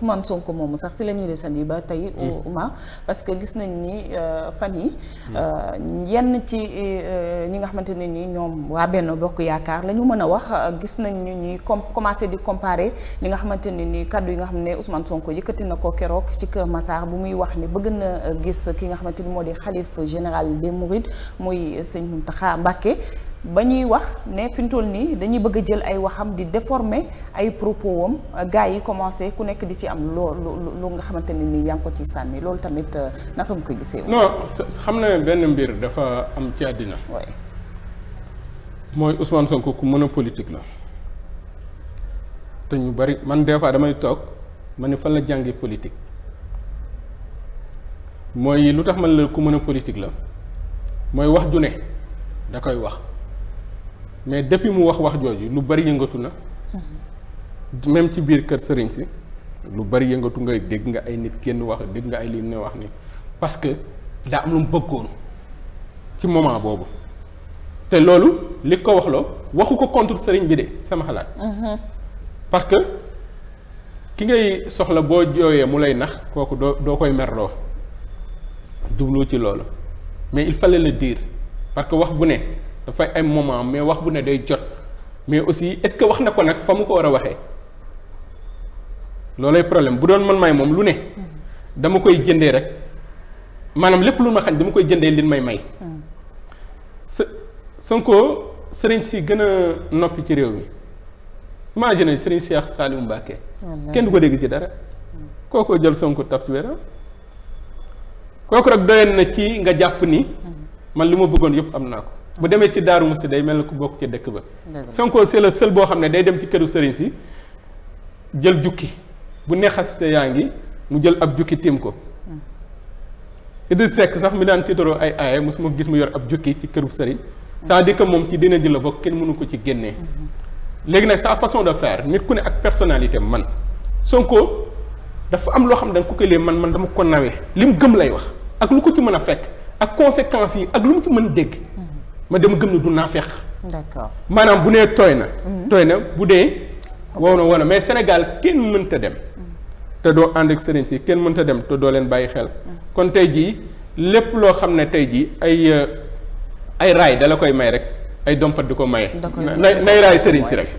Ousmane Sonko moomu sax ci la ñuy desandi ba tey Ouma mm. parce que gis nañ ni euh, fan yi mm. euh, yenn ci euh, ñi nga xamante ne ni ñoom waa benn Bokk Yaakaar la mën a wax gis nañ ñu ñuy com commencé di comparer li nga xamante ne ni kaddu yi nga xam ne Ousmane Sonko yëkkati na ko keroog ci Kër Massar bu muy wax ni bëgg na gis ki nga xamante ni moo di xalif général des Mourides muy sëñ Mountakha Mbacké ba ñuy wax ne fi ñu toll nii dañuy bëgg a jël ay waxam di déformer ay propos am gars yi commencé ku nekk di ci am loo nga xamante ni nii yaa ngi ko ci sànni loolu tamit euh, naka nga ko gisee. non xam na benn mbir dafa am ci àddina. mooy Ousmane Sonko ku mën a politique la. te ñu bari man des fois damay toog ma ne fan la jàngee politique mooy lu tax man la ku mën a politique la mooy wax ju ne da koy wax. mais depuis mu wax wax jooju lu bari yëngatu na mm-hmm. même ci biir kër sëriñ si lu bari yëngatu nga dégg nga ay nit kenn wax dégg nga ay lii ne wax ni parce que daa am lu mu bëggoon ci moment boobu te loolu li ko wax loo waxu ko contre sëriñ bi de sama xalaat mm-hmm. parce que ki ngay soxla boo jooyee mu lay nax kooku doo doo koy merloo jublu ci loolu mais il fale le dire parce que wax bu ne dafay ay moment mais wax bu ne day jot mais aussi est-ce que wax na ko nag fa mu ko war a waxee loolay problème bu doon man may moom lu ne dama koy jëndee rek maanaam lépp lu ma xañ dama koy jëndee li may may sa Sonko sëriñ si gën a noppi ci réew mi imagine sëriñ Cheikh Saliou Mbacké kenn du ko dégg ci dara kookoo jël Sonko taf ci weeram kooku rek doyoon na ci nga jàpp ni mm-hmm. man li ma bëggoon yëpp am naa ko bu demee ci Daaru Musti day mel na ku bokk ca dëkk ba Sonko c'est le seul boo xam ne day dem ci këru sëriñ si jël jukki bu neexaste yaa ngi mu jël ab jukki tiim ko hmm. Idriss Seck sax mi daan tiitaroo ay aaye mosuma gis mu yor ab jukki ci këru sëriñ hmm. cest à moom ci dina ji la bokk kenn mënu ko ci génnee hmm. léegi nag sa façon de fair nit ku ne ak personnalité man Sonko dafa am loo xam ne danga ko koy man man dama ko nawee li mu gëm lay wax ak lu ko ci mën a fekk ak conséquences yi ak lu mu ci mën dégg ma dem gëm ne du naa fex d'accord maanaam bu nee tooy na mm-hmm. tooy na bu dee wow na wow na mais Sénégal kenn mënta dem mm. te doo ànd ak sëriñ si kenn mënta dem te doo leen bàyyi xel mm. kon tey jii lépp loo xam ne tey jii ay euh, ay raay dala koy may rek ay dompat di ko maye nay raay sëriñ si rek